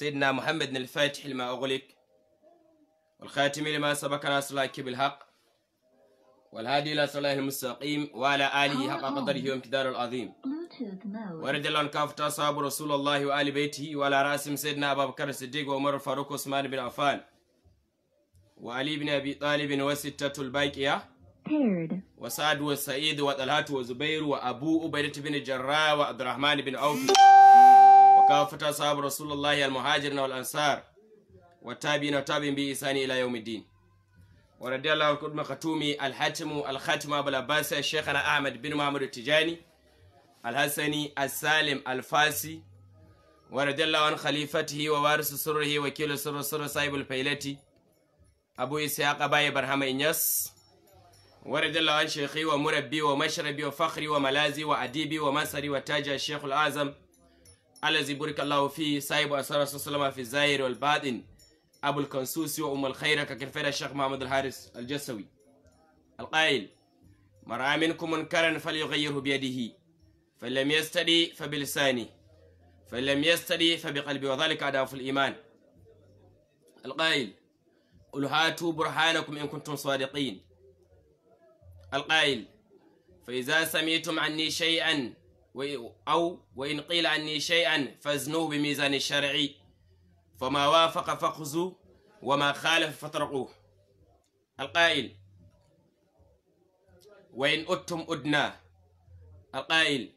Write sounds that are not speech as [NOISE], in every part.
سيدنا محمد الفاتح لما أغلق والخاتم لما سبق ناصرك بالحق والهادي إلى صلاه المستقيم وعلى آله حق آه. قدره وامتدار العظيم ورد الله كافة أصحاب رسول الله وآل بيته وعلى راسم سيدنا أبا بكر الصديق وعمر الفاروق وعثمان بن عفان وعلي بن أبي طالب وستة الباقية وسعد وسعيد وطلحة وزبير وأبو عبيدة بن الجراح وعبد الرحمن بن عوف kafata sahabu rasulullahi almuhajirin wal ansar wa tabi'ina wa tabi'in bi isani ila yawmiddin wa radiyallahu anhu kuma khatumi alhatimu alkhatima bil abbas shaykhana ahmad bin muhammad tijani alhasani asalim alfasi wa radiyallahu an khalifatihi wa warisi sirrihi wa kilu sirri sirri sahibul failati abu isaaq abay barhama inyas wa radiyallahu an shaykhi wa murabbi wa mashrabi wa malazi wa adibi wa masari wa taja shaykhul azam الذي بارك الله فيه صاحب أسرار السلامه في الزاهر والباطن أبو الكنسوسي وأم الخير ككفر الشيخ محمد الحارس الجسوي القائل من رأى منكم منكرا فليغيره بيده فلم يستدي فبلسانه فلم يستدي فبقلبه وذلك أضعف الإيمان القائل قل هاتوا برهانكم إن كنتم صادقين القائل فإذا سمعتم عني شيئا أو وإن قيل عني شيئا فازنوه بميزان الشرعي فما وافق فخذوا وما خالف فاطرقوه القائل وإن أدتم أدنا القائل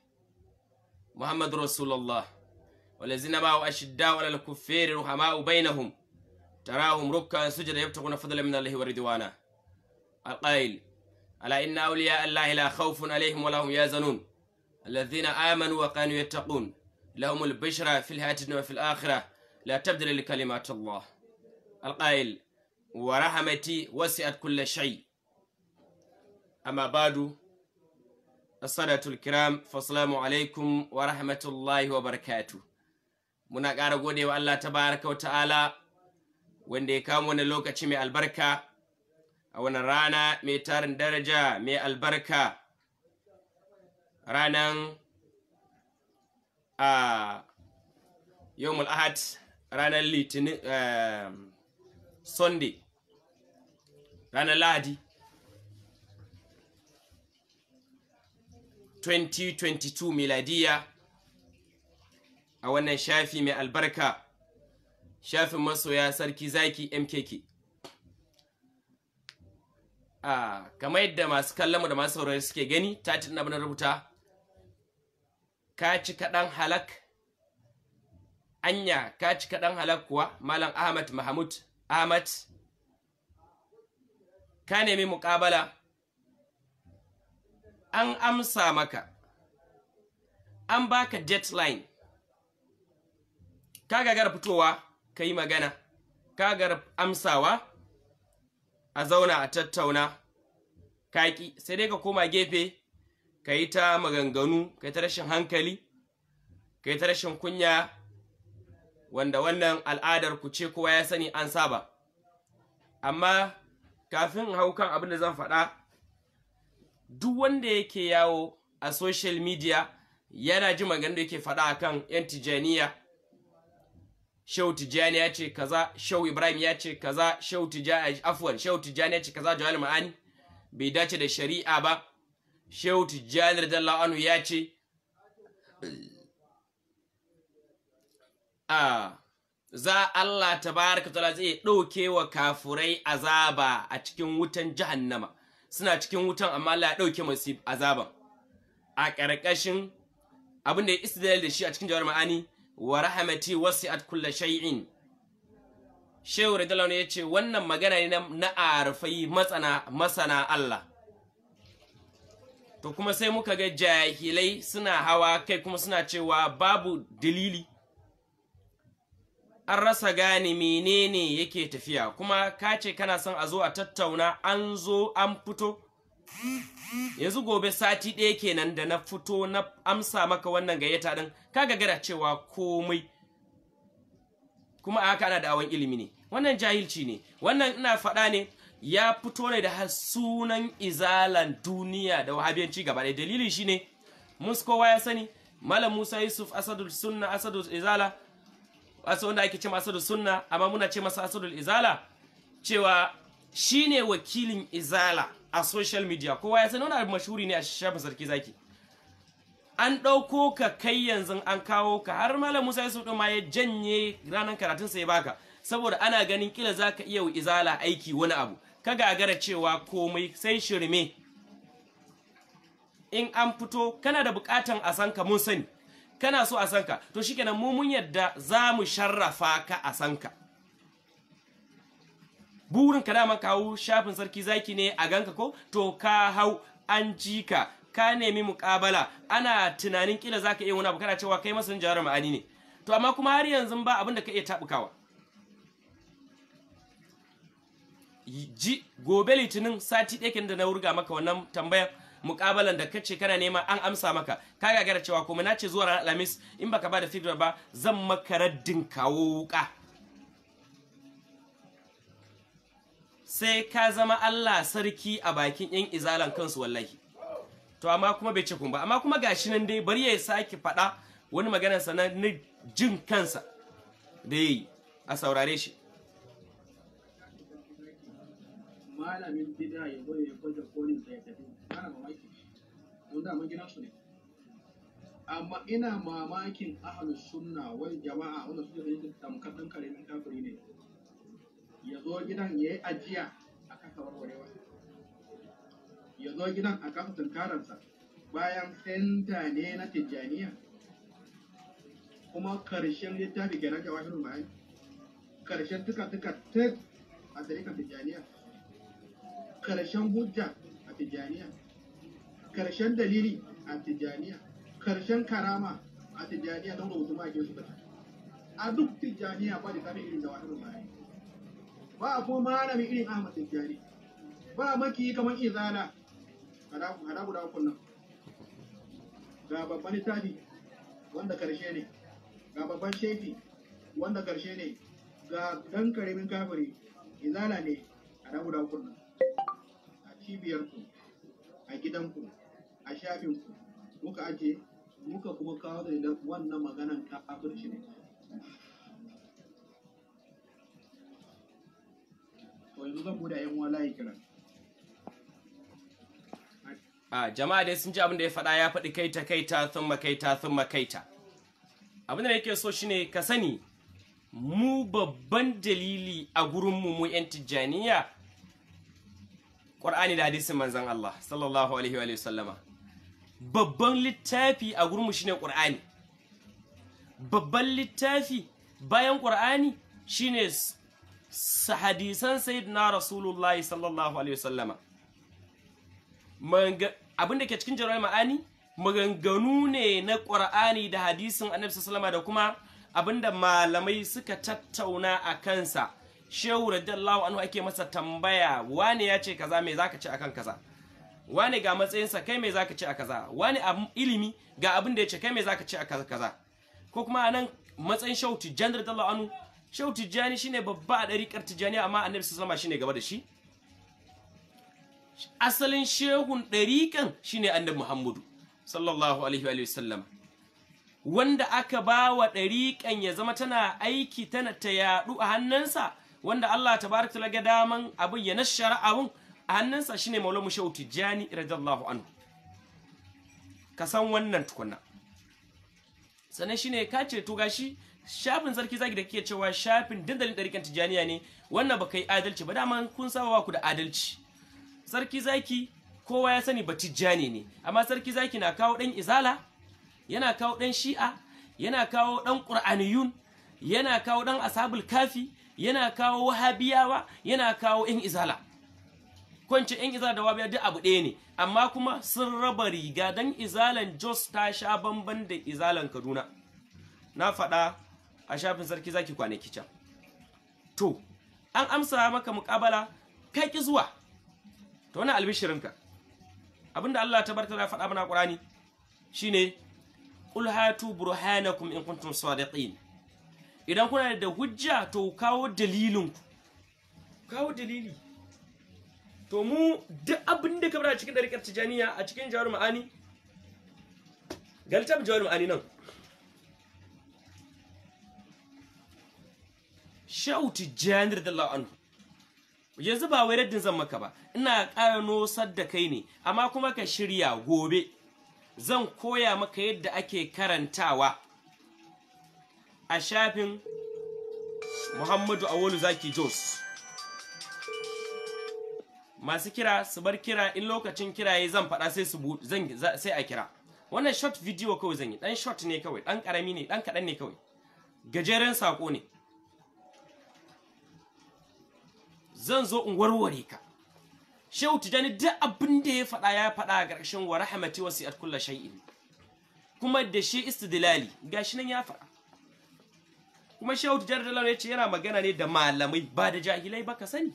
محمد رسول الله والذين معه أشداء على الكفير رحماء بينهم تراهم ركا سجدا يبتغون فضلا من الله ورضوانا القائل ألا إن أولياء الله لا خوف عليهم ولا هم يازنون الذين آمنوا وكانوا يتقون لهم البشرى في الحياة الدنيا وفي الآخرة لا تبدل لكلمات الله القائل ورحمتي وسعت كل شيء أما بعد الصلاة الكرام فالسلام عليكم ورحمة الله وبركاته muna ƙara gode wa Allah tabaraka wa ta'ala wanda ya kawo wani lokaci mai albarka a wani rana mai tarin daraja mai albarka ranan a yawmul ahad ranar litinin sunday ranar lahadi 2022 miladiya a wannan shafi mai albarka shafin masoya sarki zaki mkk kamar yadda masu kallon da masu saurari suke gani tatin abin rubuta ka ci kaɗan halak anya ka ci kaɗan halak kuwa malam ahmad mahmud ahmad ka nemi muƙabala an amsa maka an baka deadline ka gagara fitowa ka yi magana ka gagara amsawa a zauna a tattauna kaki sai dai ka koma gefe ka yi ta maganganu ka yi ta rashin hankali ka yi ta rashin kunya wanda wannan al'adar ku ce kowa ya sani an saba amma kafin hau kan abin da zan faɗa duk wanda yake yawo a social media yana ji maganar da yake faɗa a kan 'yan tijaniya shau Tijjani ya ce kaza, shau Ibrahim ya ce kaza, afwan, Shehu Tijjani ya ce kaza Jawal Ma'ani bai dace da shari'a ba. shehu tijjani radiyallahu anhu ya ce a ah, za Allah baraka ta zai ɗauke wa kafurai azaba a cikin wutan jahannama suna cikin wutan amma Allah ya ɗauke masu azaban a ƙarƙashin abin da ya istidlal da shi a cikin jawar ma'ani wa rahamati at kulla shay'in shehu radiyallahu anhu ya ce wannan magana ne na arfai masana Allah to kuma sai muka ga jahilai suna hawa kai kuma suna cewa babu dalili an rasa gane menene yake tafiya kuma ka ce kana son a zo a tattauna an zo an fito yanzu gobe sati ɗaya kenan da na fito na amsa maka wannan gayyata ɗin ka gagara cewa komai kuma a haka ana da awon ilimi ne wannan jahilci ne wannan ina faɗa ne ya fito ne da sunan izalan duniya da wahabiyanci gaba ɗaya dalili ne, muskowa ya sani malam musa yusuf asadul sunna asadul izala wasu wanda ake cewa asadul sunna amma muna ce masa asadul izala cewa shi ne wakilin izala a social media kowa ya sani wani abu mashuri ne a shafin sarki zaki an ɗauko ka kai yanzu an kawo ka har malam musa yusuf ɗin ma ya janye ranar karatunsa ya baka saboda ana ganin kila za ka iya izala aiki wani abu ka gagara cewa komai sai shirme in an fito kana da bukatan a san ka mun sani kana so a san ka to shikenan mu mun yadda za mu sharrafa ka a san ka burin ka dama kawo shafin sarki zaki ne a ganka ko to ka hau an ji ka ka nemi mukabala ana tunanin kila zaka iya wani abu kana cewa kai masanin jawar ma'ani ne to amma kuma har yanzu ba abin da ka iya tabukawa ji gobe litinin sati ɗaya da na wurga maka wannan tambayan mukabalan da kace kana nema an amsa maka ka gagara cewa kuma na ce zuwa ranar alhamis in baka ba da feedback ba zan maka raddin kawo wuka sai ka zama Allah sarki a bakin yan izalan kansu wallahi to amma kuma bai ce kun ba amma kuma gashi nan dai bari ya sake faɗa wani magana sa na jin kansa da yi a saurare shi malamin bida ya zo ya kwaje kolin sa ya tafi kana mamaki don da ma su ne amma ina mamakin ahlus sunna wai jama'a wanda suke da tamkar dan karemin kafiri ne ya zo gidan ya yi ajiya a kasa warwarewa ya zo gidan a kasa tunkararsa bayan senta ne na tijjaniya kuma karshen littafi kenan jawahirin bayan karshen tuka-tuka tek a tarikan tijjaniya karshen hujja a tijaniya karshen dalili a tijaniya karshen karama a tijaniya don rubutu ma su bata a duk tijaniya ba da sami irin zawahirin bayani ba a kuma mai irin ahmad tijani ba maki kamar izala hada guda kunnan ga babban littafi wanda karshe ne ga babban shefi wanda karshe ne ga dan karimin kafiri izala ne hada guda kunnan cibiyarku a gidanku a shafinku muka aje muka kuma kawo da wannan maganan kafirci ne to yanzu zan buɗe yan walayi kiran a jama'a dai sun ji abin da ya faɗa ya faɗi kaita kaita sun makaita sun makaita abin da yake so shine ka sani mu babban dalili a gurinmu mu 'yan tijjaniya ƙwar'ani da hadisin manzan Allah sallallahu alaihi wa sallama babban littafi a gurmu shine ƙwar'ani babban littafi bayan ne shine hadisan sayyidina rasulullahi sallallahu alaihi wa sallama da ke cikin jarawar ma'ani maganganu ne na ƙwar'ani da hadisin annabi sallama da kuma abinda da malamai suka tattauna a kansa shehu radiyallahu anhu ake masa tambaya wane ya ce kaza me zaka ce akan kaza wane ga matsayinsa kai me zaka ce a kaza wane ilimi ga abin da ya ce kai me zaka ce a kaza ko kuma nan, matsayin shehu tijjani radiyallahu anhu shehu tijjani shine babba a ɗariƙar tijjani amma annabi sallallahu shi shine gaba da shi asalin shehun ɗariƙan shine annabi muhammadu sallallahu alaihi wa sallam wanda aka ba wa ɗariƙan ya zama tana aiki tana ta yaɗu a hannunsa wanda Allah ta ta ga daman abin ya nashara abun a hannunsa shine Maulana Shehu Tijjani radiyallahu anhu ka san wannan tukunna sannan shine ka ce to gashi shafin sarki zaki da kike cewa shafin dandalin ɗarikan Tijjaniya ne wannan baka yi adalci ba Dama kun sawa ku da adalci sarki zaki kowa ya sani ba Tijjani ne amma sarki zaki na kawo ɗan izala yana kawo ɗan shi'a yana kawo ɗan ƙur'aniyun yana kawo ɗan ashabul kafi yana kawo wahabiyawa yana kawo yan izala kwanci yan izala da wahabiya duk abu ɗaya ne amma kuma sun raba riga don izalan jos ta sha bamban da izalan kaduna na faɗa a shafin sarki zaki kwanaki can to an amsa maka muƙabala kai ki zuwa to wani albishirinka abinda Allah ta barka ta faɗa mana ƙur'ani shine qul burhanakum in kuntum sadiqin idan kuna da hujja to kawo dalilin ku kawo dalili to mu duk abin da ka a cikin dariƙar tijaniya a cikin jawar ma'ani galitab jawar ma'ani nan shauti tijjani da la'anu yanzu ba wai raddin zan maka ba ina ƙara nosar da kai ne amma kuma ka shirya gobe zan koya maka yadda ake karantawa a shafin Muhammadu Awolu Zaki Jos. Masu kira su bar kira in lokacin kiraye zan faɗa sai su sai a kira. Wannan short video kawai zan yi, ɗan short ne kawai, ɗan ƙarami ne, ɗan kaɗan ne kawai. Gajeren saƙo ne. Zan zo in warware ka. Shehu Tijjani duk abin da ya faɗa ya faɗa a ƙarshen wa rahmati wasi'at kullu shay'in. Kuma da shi istidilali gashi nan ya faɗa. kuma shehu da talawa ya ce yana magana ne da malamai ba da jahilai ba ka sani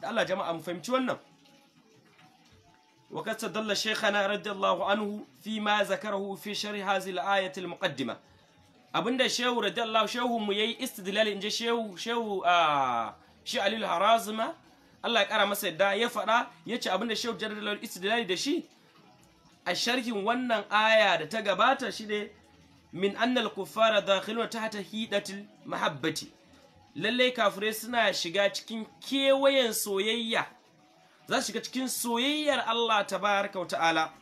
da Allah jama'a mu fahimci wannan وقد استدل شيخنا رضي الله عنه فيما ذكره في شرح هذه الآية المقدمة abinda shehu radiyallahu shehu mu yayi istidlal inje shehu shehu a ah, shi alil harazma Allah ya kara masa yadda ya faɗa yace abinda shehu radiyallahu istidlal da shi a sharhin wannan aya da ta gabata shi ne min annal kuffara dakhiluna tahta hidatil mahabbati lalle kafure suna shiga cikin kewayen soyayya za su shiga cikin soyayyar Allah tabaraka wa ta'ala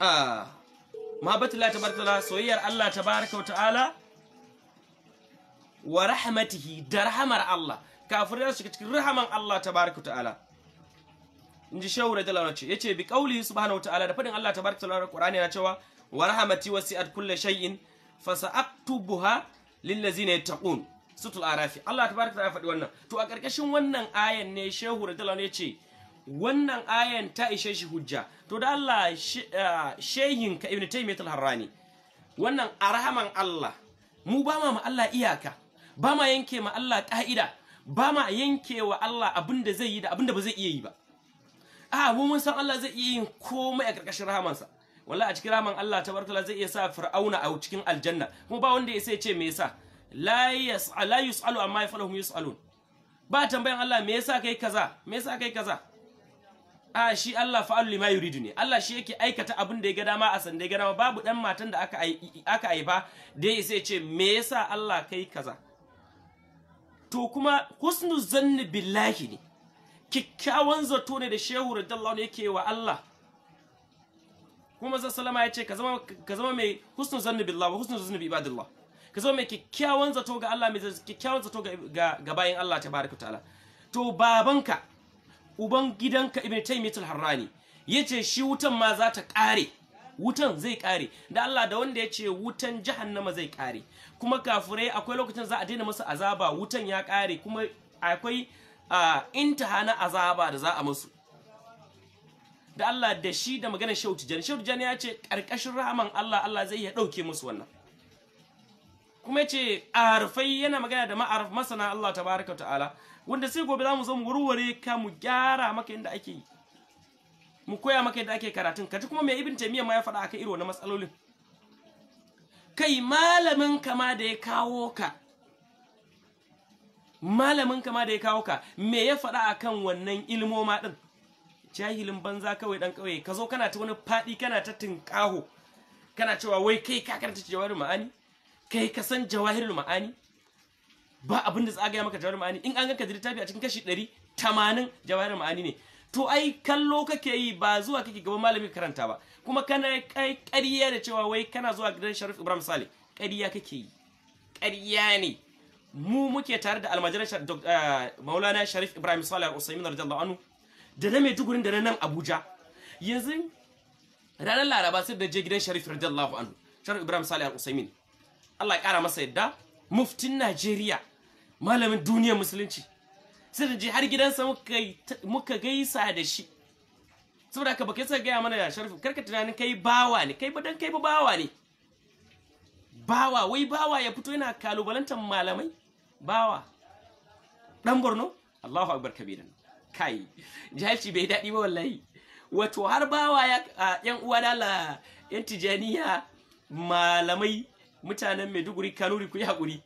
ah la tabaraka soyayyar Allah tabaraka wa ta'ala wa rahmatihi darhamar Allah kafure za su shiga cikin rahaman Allah tabaraka wa ta'ala in ji shehu da dalar ce ya ce bi kauli subhanahu wa ta'ala da faɗin Allah ta barka talalar Qur'ani na cewa wa wasi'at kulli shay'in fa sa'aktubuha lil ladzina yattaqun sutul arafi Allah ta barka ta faɗi wannan to a ƙarƙashin wannan ayan ne shehu da dalar ce wannan ayan ta ishe shi hujja to da Allah eh, shehin ka ibn taymiyyah al-harrani wannan arhaman Allah mu ba ma Allah iyaka ba ma yanke ma Allah ka'ida ba ma yanke wa Allah abin zai yi da abin da ba zai iya yi ba ah mu mun san Allah zai iya yin komai a karkashin rahamansa wallahi a cikin rahaman Allah tabarkala zai iya sa fir'auna a cikin aljanna kuma ba wanda ya sai ce me yasa la yas'al la yus'alu amma yafalahum yus'alun ba tambayan Allah me yasa kai kaza me yasa kai kaza a ah, shi Allah fa'alu lima yuridu ne Allah shi yake aikata abin da ya ga dama a san da ya ga dama babu dan matan da aka aka aiba da ya sai ce me yasa Allah kai kaza to kuma kusnu zanni billahi ne kikkiawan zato ne da shehu radiyallahu ne yake wa Allah kuma manzon sallama ya ce ka zama ka zama mai husnul zanni billahi wa husnul zanni bi ibadillah ka zama mai kikkiawan zato ga Allah mai kikkiawan zato ga ga bayin Allah tabaaraka ta'ala to babanka uban gidanka ibn taymiyatul harrani yace shi wutan ma za ta kare wutan zai kare da Allah da wanda ya ce wutan jahannama zai kare kuma kafirai akwai lokacin za a daina masa azaba wutan ya kare kuma akwai intaha na azaba da za a musu da Allah da shi da maganar shautu Jan. shautu Jan ya ce ƙarƙashin rahaman Allah Allah zai iya ɗauke musu wannan kuma ce a harfai yana magana da ma'arif masana Allah tabaraka ta'ala wanda sai gobe za mu zo mu warware ka mu gyara maka yadda ake yi mu koya maka yadda ake karatun kaji kuma mai ibn taymiya ma ya faɗa akan irin wannan matsalolin kai malamin kama da ya kawo ka malamin kama da ya kawo ka me ya faɗa kan wannan ilmoma ɗin jahilin banza kawai ɗan kawai ka zo kana ta wani faɗi kana ta tinƙaho kana cewa wai kai ka karanta jawahirul ma'ani kai ka san jawahirul ma'ani ba abin da tsagaya maka jawahirul ma'ani in an ganka ka littafi a cikin kashi ɗari tamanin jawahirul ma'ani ne to ai kallo kake yi ba zuwa kake gaban malami karanta ba kuma kana kai ƙarya da cewa wai kana zuwa gidan Sharif Ibrahim Sale ƙarya kake yi ƙarya ne mu muke tare da almajiran eh, maulana sharif ibrahim salih al da rajallahu anu da na dugurin da na nan abuja yanzu ranar laraba sai da je gidan sharif rajallahu anu sharif ibrahim salih al-usaimin allah ya kara masa yadda muftin najeriya malamin duniyar musulunci sai da je har gidansa muka gaisa da shi saboda ka baka sa gaya mana sharif karka tunanin kai bawa ne kai ba dan kai ba bawa ne bawa wai bawa ya fito yana kalubalantar malamai bawa dan borno allahu akbar kabiran kai jahilci bai daɗi ba wallahi wato har bawa ya yan uwa dala yan tijaniya malamai mutanen maiduguri kanuri ku yi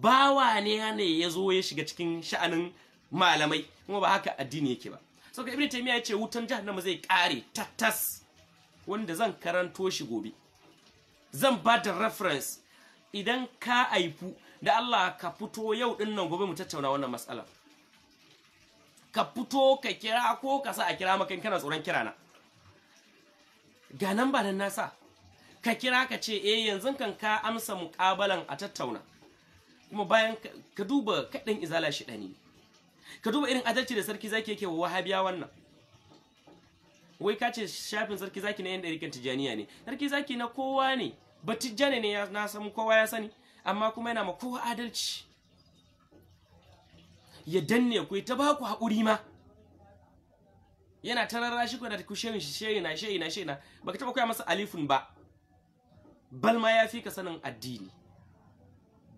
bawa ne ne ya zo ya shiga cikin sha'anin malamai kuma ba haka addini yake ba sauka ibn taymiya ya ce wutan jahannama zai kare tattas wanda zan karanto shi gobe zan ba da reference idan ka aifu da Allah ka fito yau din nan gobe mu tattauna wannan matsalar ka fito ka kira ko ka sa a kira maka kana tsoron kira na ga nan ba nan nasa ka kira ka ce eh yanzu kan ka amsa muƙabalan a tattauna kuma bayan ka duba kaɗan izala shi ɗani ka duba irin adalci da sarki zaki yake wa wahabiya wannan wai ka ce shafin sarki zaki na yan kan tijaniya ne sarki zaki na kowa ne batijjane ne na san kowa ya sani amma kuma yana ma kowa adalci ya danne ku ta ba ku haƙuri ma yana tararra shi ku da ku shehin shehi na shehi na shehi na ka taba koya masa alifun ba balma ya fi ka sanin addini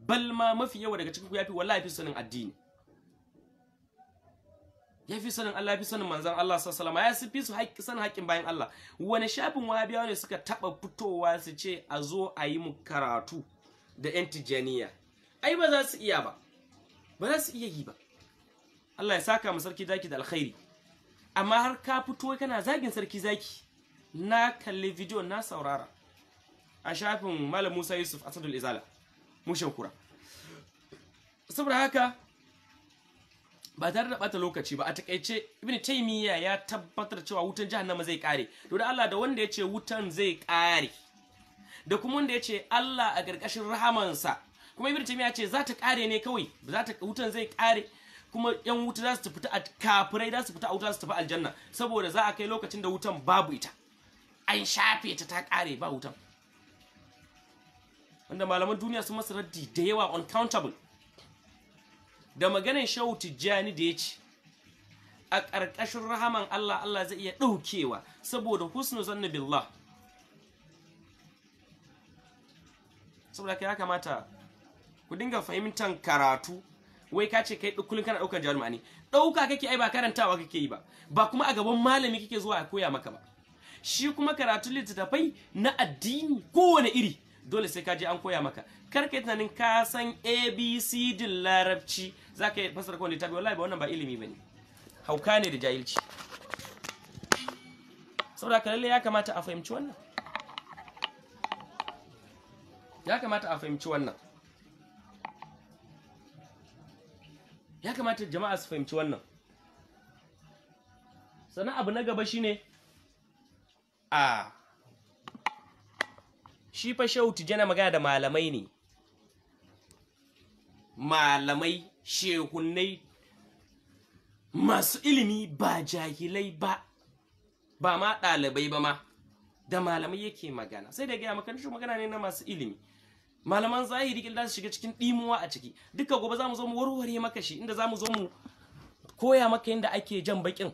balma mafi yawa daga cikin ku ya fi wallahi fi sanin addini ya fi sanin Allah ya fi sanin manzan Allah sallallahu alaihi ya fi su haƙƙi sanin haƙƙin bayan Allah wani shafin wahabiyawa ne suka taɓa fitowa su ce a zo a yi mu karatu da yan tijaniya ai ba za su iya ba ba za su iya yi ba Allah ya saka mu sarki zaki da alkhairi amma har ka fito kana zagin sarki zaki na kalli video na saurara a shafin Malam Musa Yusuf Asadul Izala mu shukura saboda haka ba tare da bata lokaci ba a takaice ibn taymiya ya tabbatar cewa wutan jahannama zai kare to da Allah da wanda yace wutan zai kare da kuma wanda yace Allah a gargashin rahamansa kuma ibn taymiya ce za ta kare ne kawai za ta wutan zai kare kuma yan wuta za su fita a kafirai za su fita a wuta su tafi aljanna saboda za a kai lokacin da wutan babu ita an shafe ta ta kare ba wutan wanda malaman duniya sun masa raddi da yawa uncountable da maganar shawu tijjani da ya ce a ƙarƙashin rahaman Allah Allah zai iya ɗaukewa saboda husnu zanna billah saboda ka ya kamata ku dinga fahimtar karatu wai ka ce kai kullum kana ɗaukar jawar ma'ani ɗauka kake ai ba karantawa kake yi ba ba kuma a gaban malami kake zuwa a koya maka ba shi kuma karatun littattafai na addini kowane iri dole sai ka je an koya maka kar yi tunanin ka abc abcd larabci za ka yi fasara kowane littafi wallahi ba wannan ba ilimi ba ne hauka ne da jahilci saboda ka lalle ya kamata a fahimci wannan ya kamata a fahimci wannan ya kamata jama'a su fahimci wannan sannan abu na gaba shine a shi fa shehu tijjana magana da malamai ne malamai shehunnai masu ilimi ba jahilai ba ba ma ɗalibai ba ma da malamai yake magana sai da gaya maka magana ne na masu ilimi malaman zahiri za su shiga cikin ɗimuwa a ciki duka gobe zamu zo mu warware maka shi inda zamu zo mu koya maka yadda ake jan bakin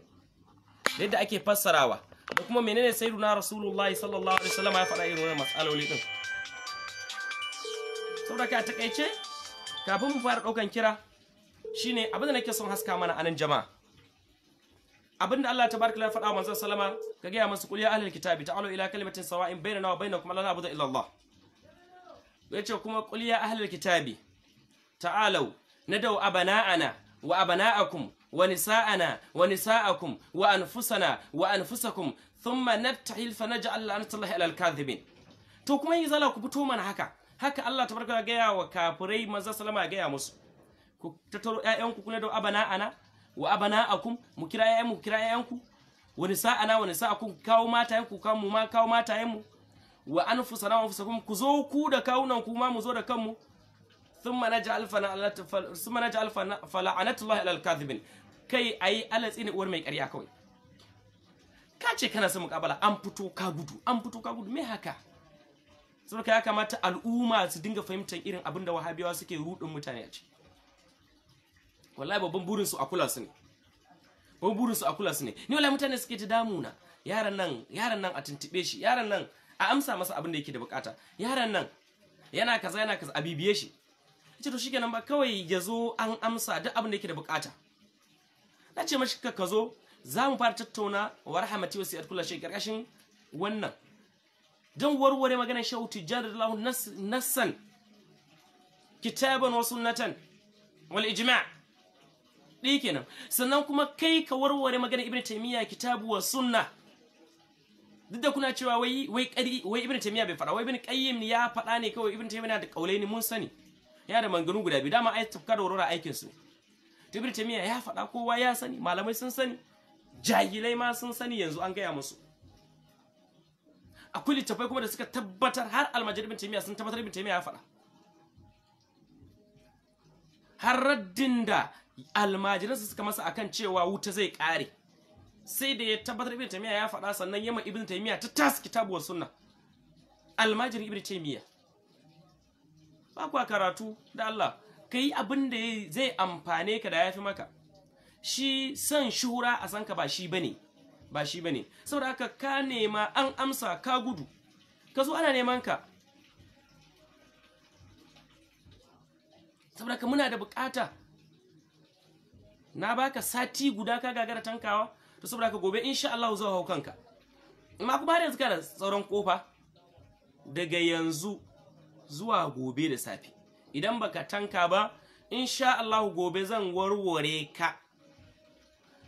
da yadda ake fassarawa da kuma menene sai na rasulullahi sallallahu alaihi wasallam ya faɗa irin wannan matsaloli din saboda ka takaice kafin mu fara ɗaukan kira shine abin da nake son haska mana anan jama'a abin da Allah tabaraka ya faɗa manzon sallama ka gaya masu kul ahlul kitabi ta'alu ila kalimatin sawa'in bainana wa bainakum la na'budu illa Allah yace kuma kul ya ahlul kitabi ta'alu nadaw ana, wa abana'akum wa nisa'ana wa nisa'akum wa anfusana wa anfusakum thumma nabtahil fa naj'al la'natullahi 'alal kadhibin to kuma yi zala ku fito mana haka haka Allah tabaraka ta gaya wa kafurai manzon sallama ya gaya musu ku tattaro ƴaƴanku kuna da abana ana wa abana akum mu kira ƴaƴan mu kira ƴaƴanku wani na, wani kun, kawo mata ku kawo mu ma kawo mata mu wa anfusana wa anfusakum ku zo ku da kawunan ku ma mu zo da kanmu thumma naj'al fana thumma naj'al fala anatullahi alal kadhibin kai ayi alatsi ne uwar mai ƙarya kawai ka ce kana son muƙabala an fito ka gudu an fito ka gudu me haka saboda ya kamata al'umma su dinga fahimtar irin abin da wahabiyawa suke rudin mutane a ciki wallahi babban burin su a kula su ne babban burin su a kula su ne ni wallahi mutane suke ta damuna yaran nan yaran nan a tuntube shi yaran nan a amsa masa abin da yake da bukata yaran nan yana kaza yana kaza a bibiye shi ce to shikenan ba kawai ya zo an amsa duk abin da yake da bukata na ce mashi ka zo za mu fara tattauna wa rahamati wa sayyid kula shi, karkashin wannan don warware maganar shautu tijjar nassan kitaban wa sunnatan wal ijma' ɗaya kenan sannan kuma kai ka warware magana ibn taimiyya kitabu wa sunna duk da kuna cewa wai wai kari wai ibn taimiyya bai faɗa wai ibn qayyim ya faɗa ne kawai ibn taimiyya da kaulai ne mun sani yana da manganu guda biyu dama ai tafka da warware aikin su ibn taimiyya ya faɗa kowa ya sani malamai sun sani jahilai ma sun sani yanzu an gaya musu akwai littafai kuma da suka tabbatar har almajid ibn taimiyya sun tabbatar ibn taimiyya ya faɗa har raddin da almajiransa suka masa akan cewa wuta zai kare sai da ya tabbatar ibn taymiya ya faɗa sannan yamma ibn taymiya ta tasu kitabu sunna almajirin ibn taymiya ba kuwa karatu da Allah kai abin da zai amfane ka da yafi maka shi san shura a san ka ba shi bane ba shi bane saboda haka ka nema an amsa ka gudu ka zo ana neman ka saboda ka muna da bukata na baka sati guda ka gagara tankawa to saboda ka gobe insha Allah zuwa hau kanka amma kuma har yanzu kana tsaron kofa daga yanzu zuwa gobe da safe idan baka tanka ba insha Allah gobe zan warware ka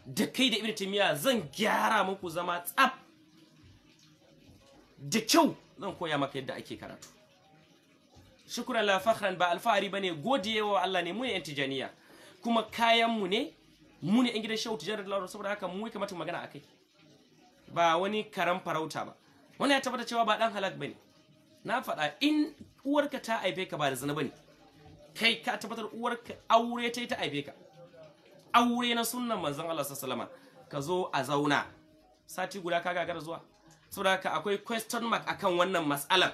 da kai da ibnu timiya zan gyara muku zama tsaf da kyau zan koya maka yadda ake karatu shukran la fakhran ba alfahari bane godiyewa Allah ne mu ne yan kuma kayanmu ne mu ne 'yan gidan shehu tijarar lauro saboda haka mu kamata magana a kai ba wani karan farauta ba wani ya tabbata cewa ba dan halak bane na faɗa in uwarka ta aife ka ba da zina ne. kai ka tabbatar uwarka aure ta yi ta aife ka aure na sunnan manzon Allah sallallahu alaihi ka zo a zauna sati guda ka gagara zuwa saboda haka akwai question mark akan wannan mas'alan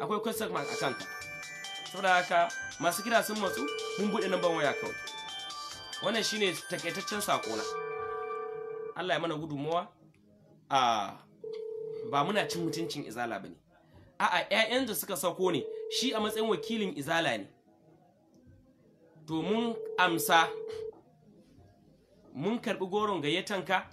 akwai question mark akan ka saboda haka masu kira sun matsu mun buɗe namban waya kawai wannan shine takaitaccen sakona Allah ya mana gudumawa a ba muna cin mutuncin izala bane a'a ƴaƴan da suka sako ne shi a matsayin wakilin izala ne to mun amsa mun karɓi goron ka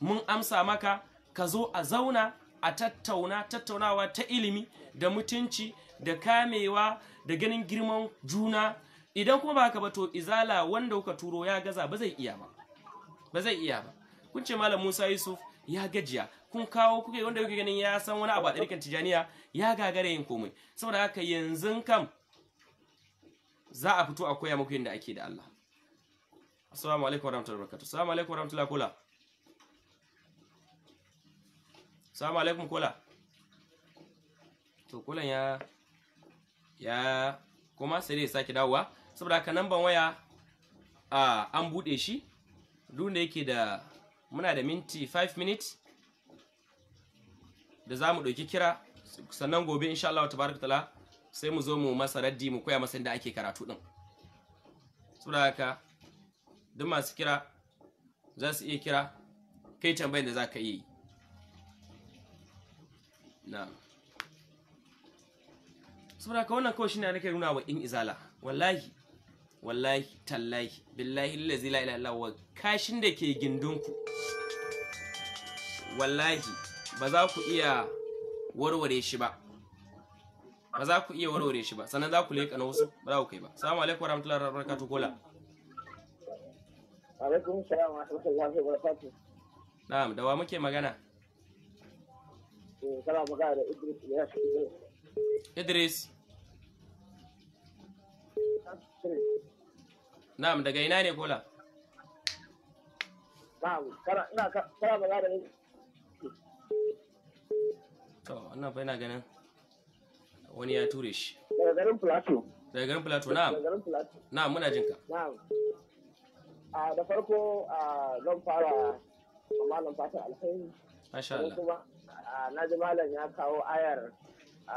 mun amsa maka ka zo a zauna a tattauna tattaunawa ta ilimi da mutunci da kamewa da ganin girman juna idan kuma ba ka ba to izala wanda kuka turo ya gaza ba zai iya ba ba zai iya ba kun ce malam Musa Yusuf ya gajiya kun kawo kuke wanda kuke ganin ya san wani abu a ɗarikan tijaniya ya gagare yin komai saboda haka yanzu kam za a fito a koya muku yadda ake da Allah assalamu alaikum warahmatullahi wabarakatuh assalamu alaikum warahmatullahi kula assalamu alaikum kula to kulan ya ya kuma sai dai sake dawowa saboda haka namban waya a an bude shi duk yake da muna da minti 5 minutes da za mu ɗauki kira sannan gobe insha Allah tabaraka sai mu zo mu masa raddi mu koya masa inda ake karatu din saboda haka duk masu kira za su iya kira kai tambayin da za ka yi no. saboda ka wannan kawai shine nake nuna wa in izala wallahi wallahi tallahi billahi lillazi la ilaha illallah kashin da ke gindunku wallahi ba za ku iya warware shi ba ba za ku iya warware shi ba sannan za ku leƙa na wasu ba za ku kai ba salamu alaikum warahmatullahi wabarakatuh kola alaikum salam warahmatullahi wabarakatuh na'am da wa muke magana eh, kana magana da Idris Ilyas Idris Na'am daga ina ne kola? Na'am kana ina kana magana ne. To wannan fa ina ganin wani ya ture shi. Daga garin Plateau. Daga garin Plateau na'am. Na'am da farko a zan fara malam fatan Kuma na ji malam ya kawo ayar a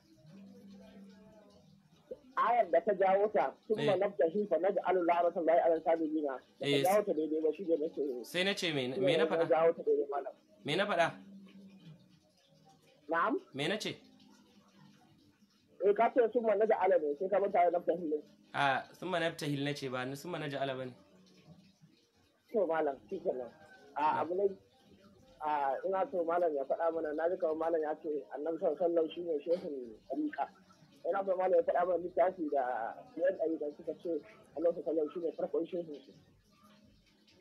ayan da ta jawo ta sun eh. ma nabta shi fa naja alu la rasul la ala sabina da ta eh, jawo ta daidai ba shi ne nake sai na ce me me na faɗa me na faɗa na'am me na ce eh ka ce sun ma na ala ne sai ka manta da nabta ne. a sun ma nabta hil na ce ba ni sun ma naja ala bane to malam shi kenan a abu ne a ina so malam ya faɗa mana na ji kawai malam ya ce annabi sallallahu alaihi wasallam ne shehin rika wani abu ma ya faɗa mana littafi da yan ɗariƙa suka ce Allah su kallon shi ne farkon shehin su.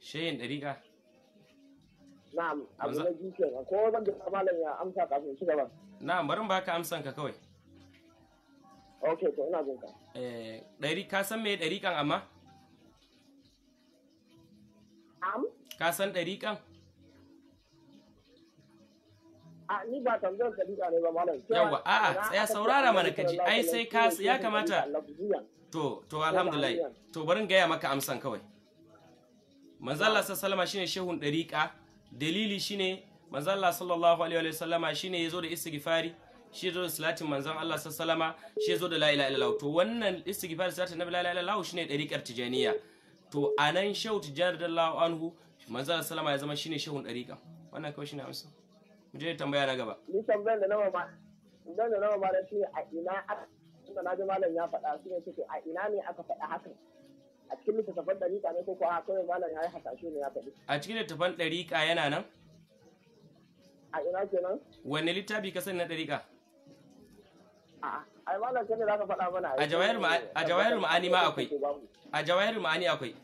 Shayin ɗariƙa? Na'am, abu na biyu kenan. Ko zan ga malam ya amsa kafin shi gaban. Na'am, barin ba ka amsan ka kawai. Ok, to ina jin ka. Eh, ɗari ka san me ɗariƙan amma? Am? Ka san ɗariƙan? a ni ba tambayar sadiqa ne ba malam yawa a a tsaya saurara mana kaji ai sai ka ya kamata to to alhamdulillah to barin gaya maka amsan kawai manzo Allah sallallahu alaihi shine shehun dariqa dalili shine manzo Allah sallallahu alaihi wasallama shine yazo da istighfari shi zo da salatin manzon Allah sassalama shi zo da la ilaha illallah to wannan istighfar salatin nabi la ilaha illallah shine dariqar tijaniya to anan shau tijar da Allah anhu manzon Allah sallama ya zama shine shehun dariqa wannan kawai shine amsa mu je tambaya na gaba ni tambayar da na mama dan da na mama da shi a ina aka tunda na ji malam ya faɗa shi ne suke a ina ne aka faɗa hakan a cikin littattafan ɗariƙa ne ko kuwa kawai malam ya yi hasashe ne ya faɗi a cikin littattafan ɗariƙa yana nan a ina kenan wanne littafi ka sani na ɗariƙa a malam sai ne za ka faɗa mana a jawayar ma'ani ma akwai a jawayar ma'ani akwai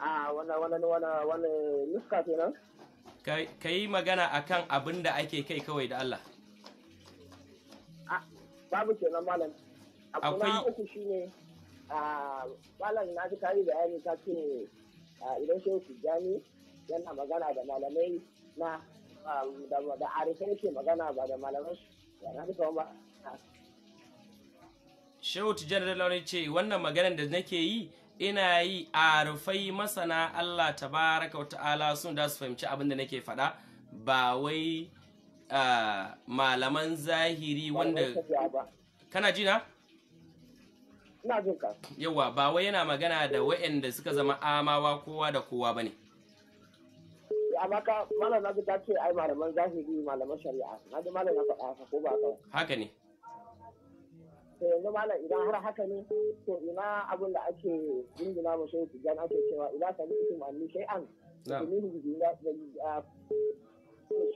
a wannan wannan wannan wannan nuska kenan ka yi magana a kan abin da ake kai kawai da Allah babu kenan malam Akwai… na uku ne. malam na ji da bayani ta ce idan shehu tijjani yana magana da malamai na da arifin ke magana ba da malamai ya na yana da ba Shehu Tijjani da ce wannan maganar da nake yi ina yi a rufai masana Allah Ta wata ta'ala sun da su fahimci abin da nake faɗa ba wai malaman zahiri wanda kana jina? Ina jin ka. Yawa ba wai yana magana da waɗanda suka zama amawa kowa da kowa ne. Eh, amma ka malam na ta ce ai malaman zahiri malaman shari'a na ji malam na faɗa ko ba ka. Haka ne. to yanzu malam idan har haka ne to ina abin da ake jingina mu shehu tijjani ake cewa idan sami isim annu shay'an yumihu bi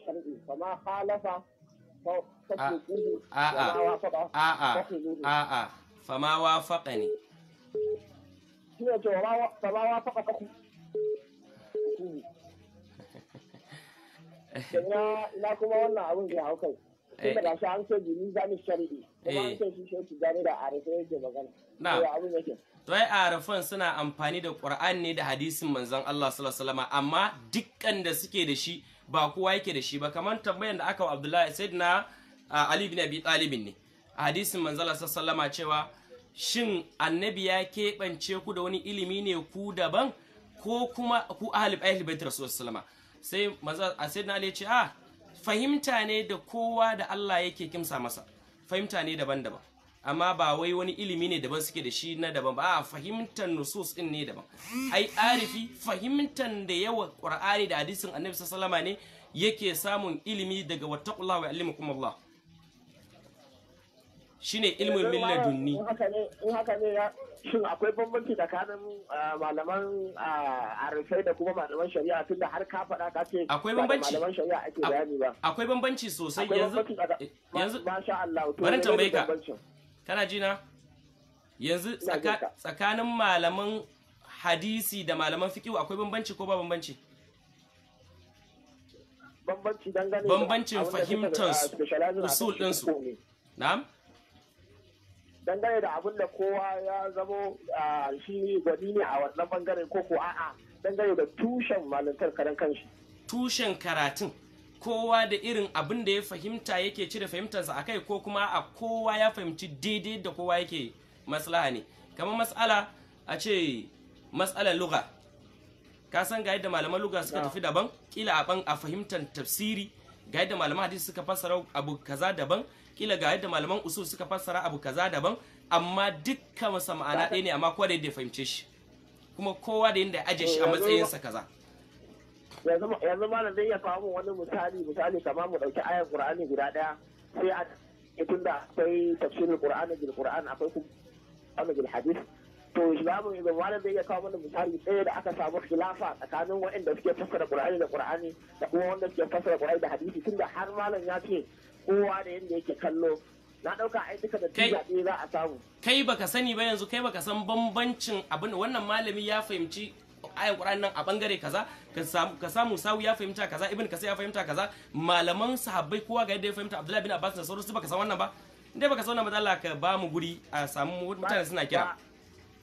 shar'i kama a'a a'a a'a fama ne [LAUGHS] ina kuma wannan abin ya hau kai Eh, kuma da an za mu an eh. shi gani da yake magana na eh, yake to ai arafan suna amfani da qur'an ne da hadisin manzon Allah sallallahu alaihi wasallam amma dukkan da suke da shi ba kowa yake da shi ba kamar tambayar da aka wa Abdullahi sayyidina Ali ibn Abi Talib ne hadisin manzon Allah sallallahu alaihi cewa shin annabi ya keɓance ku da wani ilimi ne ku daban ko kuma ku ahli ahli bait rasulullah sallallahu alaihi wasallam sai manzon sayyidina Ali ya ce ah fahimta ne da kowa da Allah yake kimsa masa fahimta ne daban-daban amma ba wai wani ilimi ne daban suke da shi na daban ba a fahimtar nusus din ne daban ai arifi fahimtar da yawa qur'ani da hadisin annabi sallallahu alaihi wasallama ne yake samun ilimi daga wattaqullahi wa allimukum Allah shine ilmin milla dunni in haka ne ya shin akwai bambanci tsakanin ah, malaman ah, arifai da kuma malaman shari'a tun da har ka faɗa ka ce akwai bambanci malaman shari'a ake bayani ba akwai bambanci sosai yanzu yanzu masha Allah bari tambaye ka kana jina? yanzu tsakanin malaman hadisi da malaman fiqh akwai bambanci ko ba bambanci bambanci dangane bambancin fahimtar ah, usul ɗinsu na'am dangane da abin da kowa ya zamo shi gwani ne a wannan bangare ko ko a'a dangane da tushen malintar karan kanshi tushen karatun kowa da irin abin da ya fahimta yake cire fahimtarsa akai ko kuma a kowa ya fahimci daidai da kowa yake maslaha ne kamar matsala a ce matsalar luga ka san ga yadda malaman luga suka tafi daban kila ban a fahimtar tafsiri ga yadda malaman hadisi suka fassara abu kaza daban kila ga yadda malaman usul suka fassara abu kaza daban amma dukkan masa ma'ana ɗaya ne amma kowa da yadda fahimce shi kuma kowa da yadda aje shi a matsayinsa kaza yanzu malam zai iya kawo wani misali misali kamar mu ɗauki ayar qur'ani guda ɗaya sai a tun da akwai tafsirin qur'ani bil qur'an akwai kuma bil hadis to yi ba malam zai iya kawo mana misali ɗaya da aka samu khilafa tsakanin waɗanda suke fassara qur'ani da qur'ani da kuma wanda suke fassara qur'ani da hadisi tunda har malam ya ce kowa da yadda yake kallo na ɗauka ai duka da zaɓe za a samu kai baka sani ba yanzu kai baka san bambancin abin wannan malami ya fahimci ayan Qur'an nan a bangare kaza ka samu sawu ya fahimta kaza ibn kasai ya fahimta kaza malaman sahabbai kowa ga yadda ya fahimta Abdullahi bin Abbas da sauransu baka san wannan ba dai baka san wannan ba Allah ka ba mu guri a samu mutane suna kira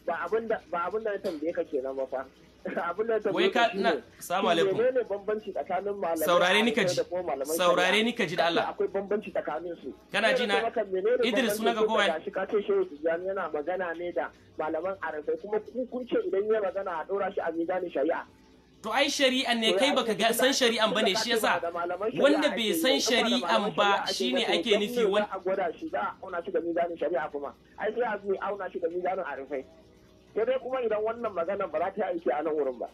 ba abin da ba abin da na tambaye ka kenan ba fa [LAUGHS] wai ka na samu alaikum bambanci tsakanin saurare ni ji saurare ni ji da Allah kana ji na Idris suna ga kowa shi yana magana da malaman Arabai kuma ku kun ce idan ya magana a dora shi a mizanin shari'a To ai shari'an ne kai baka ga san shari'an bane shi yasa wanda bai san shari'an ba shine ake nufi wani a gwada shi da auna shi da mizanin shari'a kuma ai sai a auna shi da mizanin arifai sai dai kuma idan wannan magana ba za ta yi aiki a nan wurin ba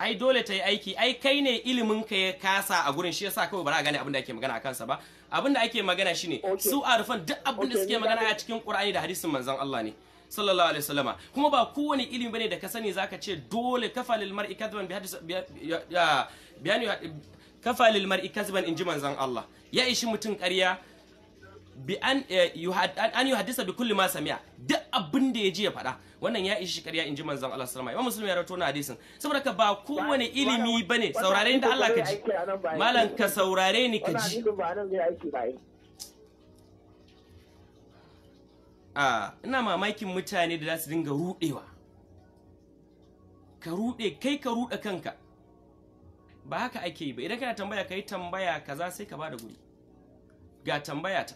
ai dole ta yi aiki ai kai ne ilimin ka ya kasa a gurin shi yasa kawai ba za a gane abin da ake magana a kansa ba abin da ake magana shine su arfan duk abin da suke magana a cikin Qur'ani da hadisin manzon Allah ne sallallahu alaihi wasallama kuma ba kowane ilimi bane da ka sani zaka ce dole kafalil mar'i kadban bi hadis bayani kafalil mar'i kadban inji manzon Allah ya ishi mutun ƙarya bi an eh, an hadisa bi kulli ma sami'a duk abin da yaji ya faɗa wannan ya ishi ƙarya inji manzon Allah sallallahu alaihi wasallam muslim ya rawaito na hadisin saboda ka ba kowane ilimi bane saurare ni da Allah ka ji malam ka saurare ni ka ji a ina mamakin mutane da za su dinga rudewa ka rude kai ka rude kanka ba haka ake yi ba idan kana tambaya ka yi tambaya kaza sai ka bada guri ga tambaya ta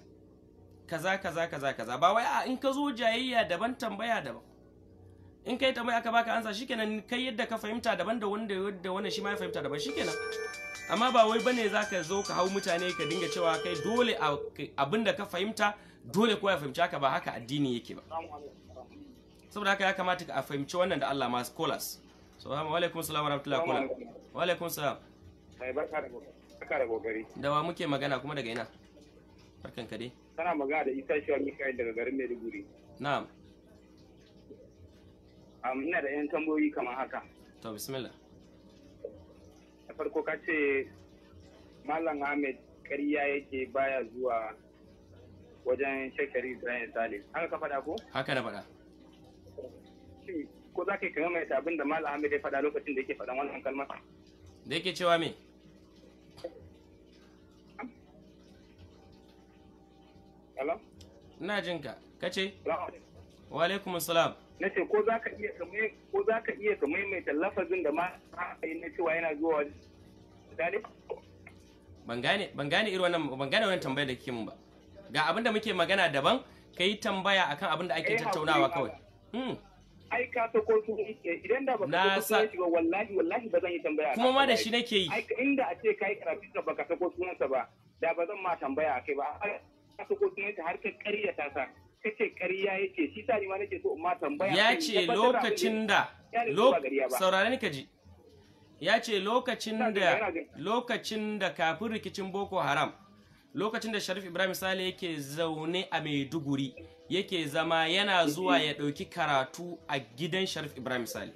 kaza kaza kaza kaza ba wai a in ka zo jayayya daban tambaya daban in kai tambaya aka baka ansa shikenan kai yadda ka fahimta daban da wanda yadda wani shi ma ya fahimta daban shikenan amma ba wai bane zaka zo ka hau mutane ka dinga cewa kai dole abinda da ka fahimta dole kowa ya fahimci haka ba haka addini yake ba saboda haka ya kamata ka fahimci wannan da Allah ma scholars wa alaikum salam wa rahmatullahi barakatuh wa alaikum salam barka da kokari da wa muke magana kuma daga ina barkan dai Kana magana da Isa Shewa Mikael daga garin Maiduguri. Na'am. Um, ina da 'yan tambayoyi kamar haka. To, bismillah. Da farko ka ce Malam Ahmed kariya yake baya zuwa wajen shekari Ibrahim Salim. Haka ka faɗa ko? Haka na faɗa. Ko za ka yi kama mai abin da Malam Ahmed ya faɗa lokacin da yake faɗan wannan kalmar? Da yake cewa me? ina jin ka kace wa alaikum salam. na ce ko za ka iya ko za ka iya ka mai lafazin da ma a yi na cewa yana zuwa dare ban gane ban gane irin wannan ban gane wannan tambayar da kike mun ba ga abin da muke magana daban kai tambaya akan abin da ake tattaunawa kawai hmm. ai ka so ko su eh, idan da baka so shi ba wallahi wallahi ba zan yi tambaya kuma ma da shi nake yi inda a ce kai karatu ka baka so ko sunansa ba da ba zan ma tambaya akai ba harkokin ta harkar ƙarya ta sa ta ce ƙarya yake shi sa ni ma nake so in ma tambaya ya ce lokacin da saurare ka ji ya ce lokacin da lokacin da kafin rikicin boko haram lokacin da sharif ibrahim sale yake zaune a maiduguri yake zama yana zuwa ya ɗauki karatu a gidan sharif ibrahim sale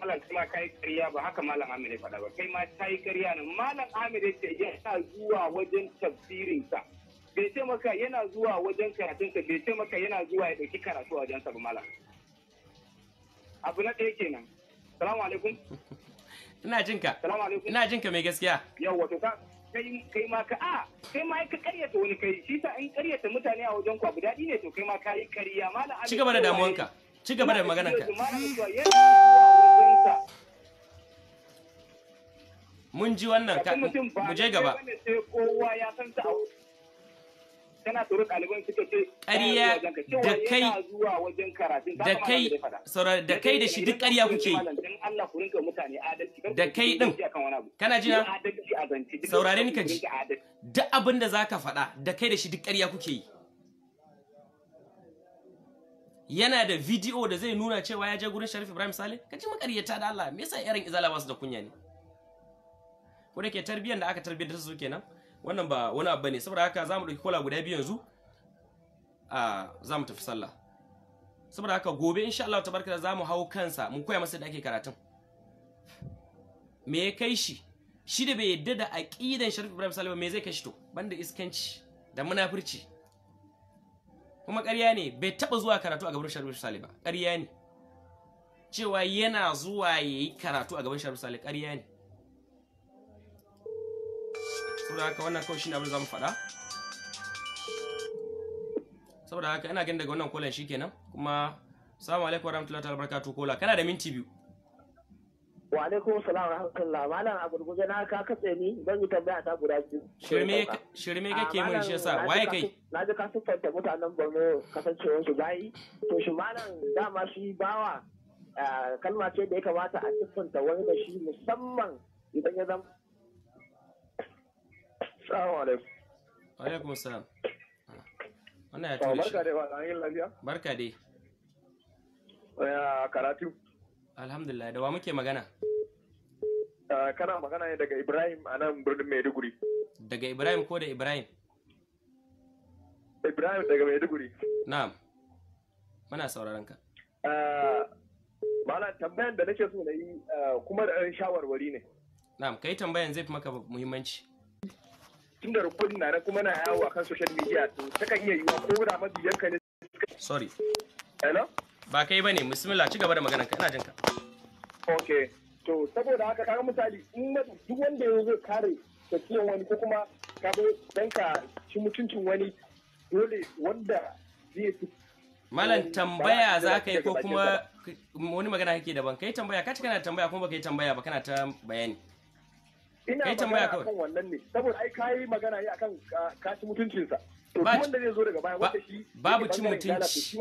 malam kai ma kai kariya ba haka malam Amir faɗa ba kai ma yi kariya ne malam Amir ce yana zuwa wajen tafsirin sa bai ce maka yana zuwa wajen karatun sa bai ce maka yana zuwa ya dauki karatu a wajen sa ba malam abu na ɗaya kenan salamu alaikum [LAUGHS] ina jinka salamu alaikum ina jinka mai gaskiya yawa to ka kai ma ka a kai ma ka karyata wani kai shi sa an karyata mutane a wajen abu daɗi ne to kai ma ka yi kariya malam Amir ci gaba da damuwanka ci gaba da ka abinsa mun ji wannan ka mu je gaba kowa ya san ta kana tsoro ɗaliban suka ce ƙarya da kai da kai sauran da kai da shi duk ƙarya kuke da kai din kana jina saurare ni ka ji duk abin da zaka faɗa da kai da shi duk ƙarya kuke yi yana da video da zai nuna cewa ya je gurin Sharif Ibrahim Saleh ka ji makaryata da Allah me yasa yaran izala ba su da kunya ne ko da ke tarbiyyar da aka tarbiyyar su kenan wannan ba wani abu ne saboda haka zamu dauki kola guda biyu yanzu a zamu tafi sallah saboda haka gobe insha Allah tabaraka zamu hau kansa mu koya masa da ake karatun me ya kai shi shi da bai yadda da aqidan Sharif Ibrahim Saleh me zai kai shi to banda iskanci da munafurci kuma ƙarya ne bai taɓa zuwa karatu a gaban Sharif Sale ba ƙarya ne cewa yana zuwa ya yi karatu a gaban Sharif Sale ƙarya ne saboda haka wannan kawai ne abin da mu faɗa saboda haka ina gani daga wannan kolan kenan kuma assalamu alaikum warahmatullahi wabarakatuh kola kana da minti biyu wa alaikum salam wa rahmatullah malam a na ka katse ni don yi tambaya ta guda biyu shirme shirme kake mun shi yasa waye kai na ji ka siffanta mutanen Borno kasancewar su bayi to shi malam dama shi bawa kalma ce da ya kamata a siffanta wani da shi musamman idan ya zama Assalamu alaikum. Wa alaikum assalam. Wannan ya tura shi. Barka dai wa lafiya. Barka dai. karatu. Alhamdulillah, da wa muke magana? Ah, kana magana ne daga Ibrahim a nan birnin Maiduguri. Daga Ibrahim ko da Ibrahim? Ibrahim daga Maiduguri. Na'am. Muna sauraron ka. Ah, mana tambayan da nake so na yi ah, kuma da shawarwari ne. Na'am, kai tambayan zai fi maka muhimmanci. Tun da rukun na kuma na yawo a kan social media to takan iya wa ko da mabiyanka ne. Sorry. Hello? ba kai ne bismillah ci gaba da magana ka ina jin ka okay to saboda haka kaga misali in duk wanda ya zo kare kiyan wani ko kuma ka zo dan ka ci mutuncin wani dole wanda zai fi malam tambaya za ka yi ko kuma wani magana kake daban kai tambaya ka ci kana tambaya kuma baka yi tambaya ba kana ta bayani ina magana akan wannan ne saboda ai kai magana ne akan ka ci mutuncinsa babu cin mutunci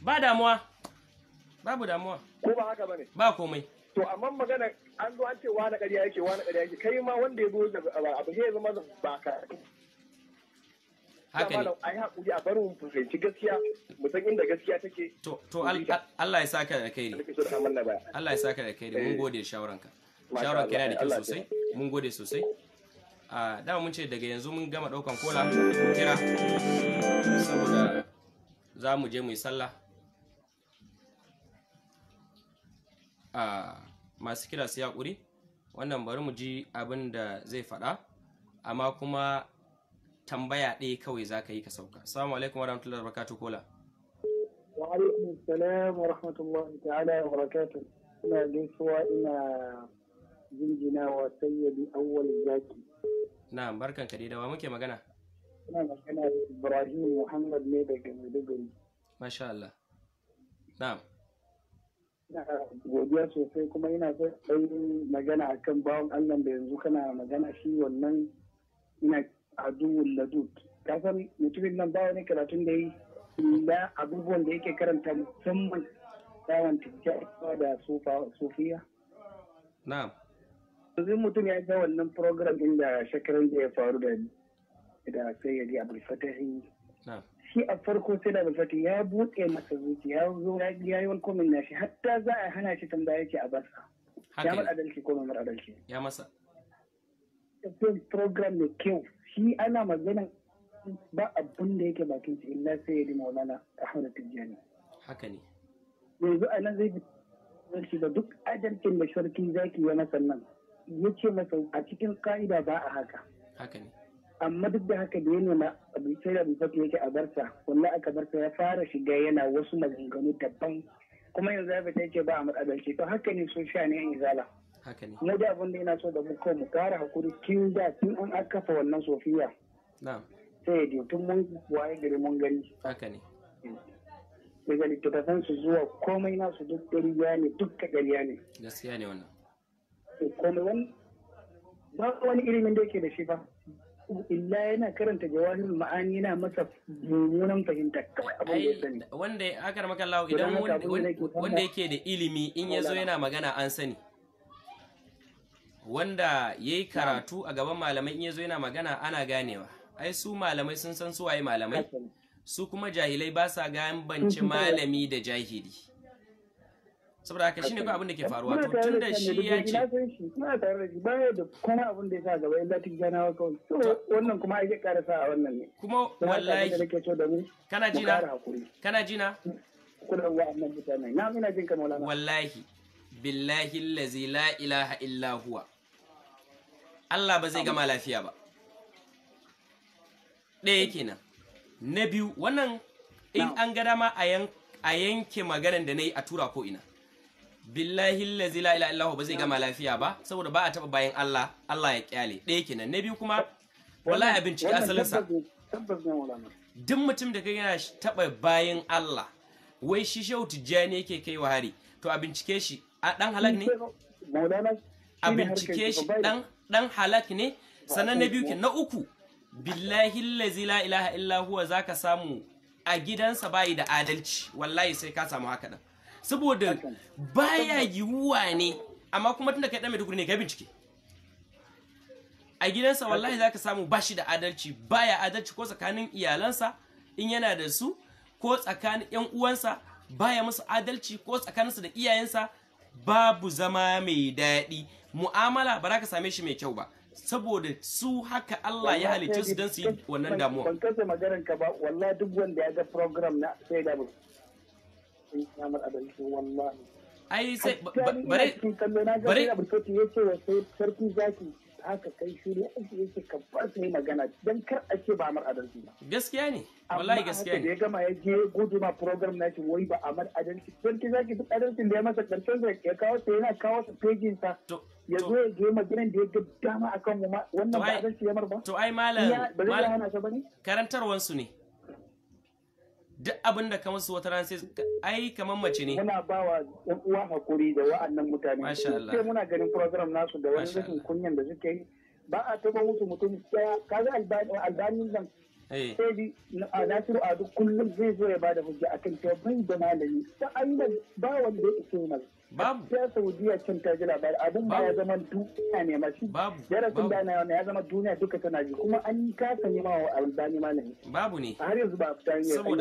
ba damuwa babu damuwa ko ba haka bane ba komai to amma magana an zo an ce wani ƙarya yake wani ƙarya yake kai ma wanda ya zo da abu sai ya zama ba ka haka ne ai hakuri a barin mu fahimci gaskiya mu san inda gaskiya take to to Allah ya saka da kai ne Allah ya saka da kai ne mun eh. gode shawaran ka shawaran ka yana da kyau sosai mun gode sosai a dama mun ce daga yanzu mun gama daukan kola kira saboda za mu je mu yi sallah a masu kira su yaƙuri wannan bari mu ji abin da zai faɗa amma kuma tambaya ɗaya kawai za ka yi ka sauka salamu alaikum wa rahmatullahi wa barakatuh kola wa alaikum salam wa rahmatullahi ta'ala wa barakatuh ina gaisuwa ina jinjina wa an awwal zaki na'am barkan ka da muke magana ina magana Ibrahim Muhammad ne daga Maiduguri masha Allah godiya sosai kuma ina so ɗan magana a kan bawan Allah da yanzu kana magana shi wannan ina aduwul ladud ka san mutumin nan bawa ne karatun da yi da abubuwan da yake karanta musamman tsawon tikkiya da sufiya na'am yanzu mutum ya ga wannan program din da shekaran da ya faru da da sayyidi abulfatahi shi a farko sai da abulfatahi ya buɗe masa zuciya ya zo ya yi wani komin shi hatta za a hana shi tambaya ce a basa ya mar adalci ko mar adalci ya masa program mai kyau shi ana maganan ba abun da yake bakin shi illa sai ya maulana a ahmad tijjani haka ne yanzu a nan zai fi ba duk adalcin da sarki zaki ya masa nan ya ce masa a cikin ka'ida ba a haka haka ne amma duk da haka da ya nema sai da bifatu yake a barsa walla aka barsa ya fara shiga yana wasu maganganu daban kuma yanzu ya fita yake ba a matsalarci to haka ne sun sha ne yan izala haka ne na da abin da yana so da mu kawai mu kara hakuri tun da tun an aka kafa wannan sofiya sai ya je tun mun waye gari mun gani haka ne daga littattafan su zuwa komai nasu duk ƙarya ne duk ƙarya ne gaskiya ne wannan sai komai wani ba wani ilimin da yake da shi ba illa yana karanta jawahirul ma'ani yana masa mummunan fahimta kawai abin da ya sani wanda aka maka lawo idan wanda yake da ilimi in ya zo yana magana an sani wanda ya yi karatu a gaban malamai in ya zo yana magana ana ganewa ai su malamai sun san su waye malamai su kuma jahilai ba sa bance malami da jahili saboda haka shine ba abin da ke faruwa to tun da shi ya ce kuma tare da shi baya da kuma abin da ya gaba yanda tun janawa kawai to wannan kuma ake karasa a wannan ne kuma wallahi kana jina kana jina kuna wa'annan mutanen na ina jin ka maulana wallahi billahi allazi la ilaha illa huwa Allah ba zai gama lafiya ba ɗaya kenan na biyu wannan in an ga dama a yanke maganar da na yi a tura ko ina billahi allazi la ila illahu ba zai gama lafiya ba saboda ba a taba bayan Allah Allah ya kyale ɗaya kenan na biyu kuma wallahi abin ciki asalin sa duk mutum da kai yana taba bayan Allah wai shi shehu tijjani yake kai wa hari to a bincike shi a dan halak ne a bincike shi dan dan halak ne sannan na biyu na uku billahi allazi la ilaha illa zaka samu a gidansa bayi da adalci wallahi sai ka samu haka din saboda baya yiwuwa ne amma kuma tunda kai dan Maiduguri ne kai bincike a gidansa wallahi zaka samu bashi da adalci baya adalci ko tsakanin iyalansa in yana da su ko tsakanin yan uwansa baya musu adalci ko tsakaninsa da iyayensa babu zama mai daɗi mu'amala ba za ka same shi mai kyau ba saboda su haka Allah ya halicce su don su yi wannan damuwa. Ban kasa maganar ka ba, wallahi duk wanda ya ga program na sai da sun samar adalci wallahi ai sai bare bare ya ce wa sai sarki zaki haka kai shiru ake yake ka bar sai magana dan kar a ce ba mar adalci ba gaskiya ne wallahi gaskiya ne da ya gama ya je gudu ma program na shi wai ba a mar adalci sarki zaki duk adalcin da ya masa karshen sa ya kawo sa yana kawo sa pejin sa ya zo ya je maginan da ya ga dama akan mu ma. wannan ba adalci ya mar ba to ai malam malam su ne duk abin da ka su wata ran sai ai kamar mace ne muna ba wa ɗan uwa hakuri da wa'annan mutane masha Allah sai muna ganin program nasu da wani rashin kunyan da suke yi ba a taba musu mutum Ka kaga albani nan eh. sai a nasiru a duk kullum zai zo ya bada hujja akan cewa bai da malami ta an ba wanda ya isa malami babu ya saudiya cin ta labari abin ba ya zama ne mashi babu darasin da na ya zama duniya duka tana ji kuma an kasa nema wa albani malami babu ne har yanzu ba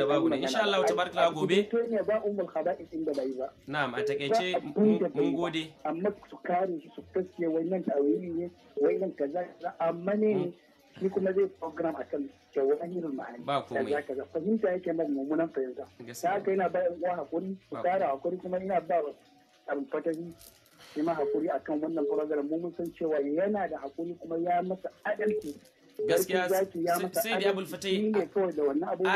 babu ne insha Allah tabarakallah gobe to ne ba ummul khaba'is inda bai ba na'am a takeice mun gode amma su kare shi su kaske wannan ne wannan kaza amma ne ni hmm. kuma zai program a kan kyawawan irin ma'ani ba komai kaza kaza fahimta yake mai mummunan fahimta ta haka ina ba yan uwa hakuri su kara hakuri kuma ina ba karin fatari shi ma hakuri a kan wannan program mu mun san cewa yana da hakuri kuma ya masa adalci gaskiya sai da abul fatai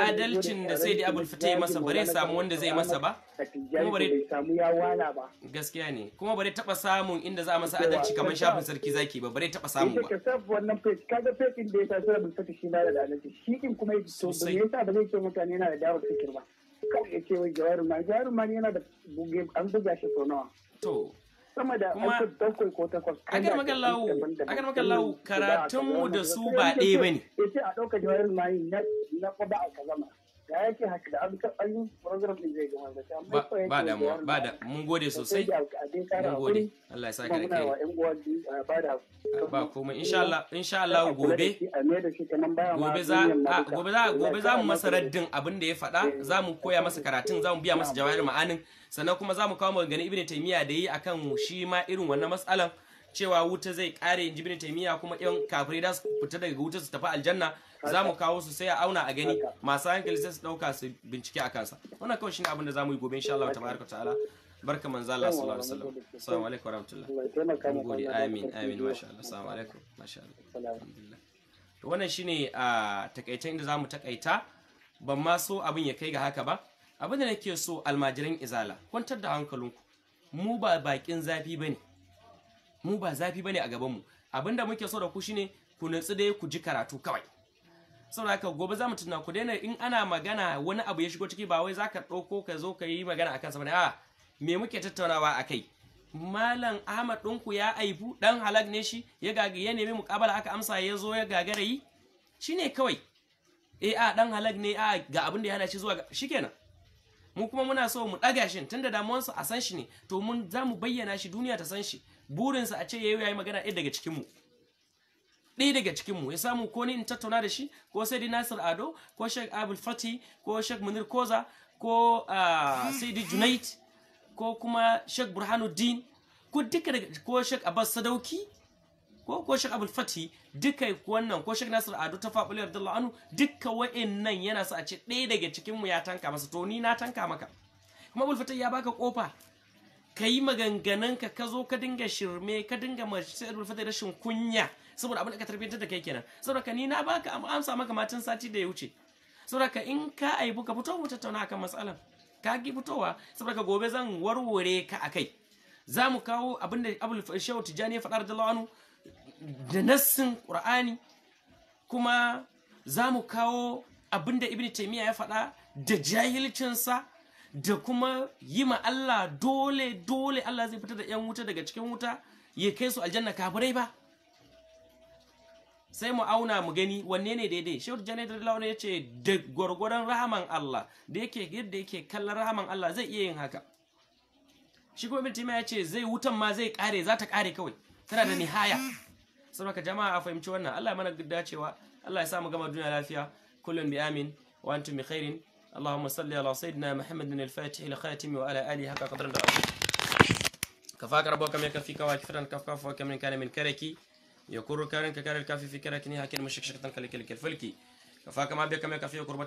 adalcin da sai da abul fatai masa bare samu wanda zai masa ba kuma bare samu ya wala ba gaskiya ne kuma bare taba samun inda za a masa adalci kamar shafin sarki zaki ba bare taba samu ba kaga wannan page kaga page din da ya tashi abul fatai shi na da adalci shi din kuma to me ba zai ce mutane yana da dawar fikir ba kada ya ce wai jaruma jaruma ne yana da buge an buga shi sau nawa to sama da Kuma bakwai ko takwas agar magallahu agar magallahu karatun mu da su ba ɗaya bane yace a ɗauka jaruma na na ba a kazama da yake haka da an yi program din zai gama da amma ba da mu ba da mun gode sosai mun gode Allah ya saka da kai ba kuma insha Allah insha Allah gobe gobe za gobe za gobe za mu masa raddin abin da ya faɗa eh. za mu koya masa karatun za mu biya masa jawahir ma'anin sannan kuma za mu kawo magana ibnu taymiya da yi akan shi ma irin wannan matsalan cewa wuta zai kare inji ibn taymiya kuma yan kafirai da su fita daga wuta su tafi aljanna za mu kawo su sai a auna a gani masu hankali sai su dauka su bincike a kansa wannan kawai shine abin da zamu yi gobe insha Allah tabaraka ta'ala barka manzo Allah sallallahu alaihi wasallam assalamu alaikum warahmatullahi mun gode amin amin masha Allah assalamu alaikum masha Allah to wannan shine a takaicen inda zamu takaita ban ma so abin ya kai ga haka ba abin da nake so almajiran izala kwantar da hankalinku mu ba bakin zafi bane mu ba zafi bane a gaban mu abinda muke so da ku shine ku nutsu dai ku ji karatu kawai saboda haka gobe za mu tuna ku daina in ana magana wani abu ya shigo ciki ba wai zaka ɗauko ka zo ka yi magana akan sa bane a me muke tattaunawa kai. malam ahmad ɗinku ya aibu dan halak ne shi ya gaga ya nemi muƙabala aka amsa ya zo ya gagara yi shine kawai eh a dan halak ne a ga abin da ya hana shi zuwa shi shikenan mu kuma muna so mu ɗaga shi tunda damuwansu a san shi ne to mun za mu bayyana shi duniya ta san shi burinsa a ce yayi yayi magana ɗaya daga cikinmu ɗaya daga cikinmu ya samu ko ni in tattauna da shi ko sai di Nasir Ado ko shek abul Fati ko shek Munir Koza ko ah, di junait ko kuma shek Burhanuddin ko duka daga ko shek Abbas Sadauki ko ko shek abul Fati duka wannan ko shek Nasir Ado ta Fabulu Abdullah Anu duka wa'annan yana sa a ce ɗaya daga cikinmu ya tanka masa to ni na tanka maka kuma Abdul Fati ya baka kofa ka yi magangananka ka zo ka dinga shirme ka dinga mace da rashin kunya saboda abin da ka tarbiyyantar da kai kenan saboda ka ni na baka amsa maka matan sati da ya wuce saboda ka in ka aibu ka fito mu tattauna akan matsalan ka ki fitowa saboda ka gobe zan warware ka akai za mu kawo abin da abul shehu tijani ya faɗa radiyallahu anhu da nassin qur'ani kuma za mu kawo abin da ibnu taymiya ya faɗa da jahilcinsa da kuma yi ma Allah dole dole Allah zai fitar da ‘yan wuta daga cikin wuta ya kai su aljanna kafirai ba sai mu auna mu gani wanne ne daidai shehu janet launa ya ce da gwargwaron rahaman Allah da yake yadda yake kallon rahaman Allah zai iya yin haka shi kuma ibn ya ce zai wutan ma zai kare za ta kare kawai tana da nihaya ka jama'a a fahimci wannan Allah ya mana dacewa Allah ya sa mu gama duniya lafiya kullum bi amin wa antum bi khairin اللهم صل على سيدنا محمد من الفاتح الى خاتم وعلى آله حق قدر كفاك ربك كواك فرن كف كف وكم كان من كركي يكر كارن ككار الكافي في كركني هكذا مشكشكتن كلك الكلفلكي كفاك ما بك ما يكفي قربتي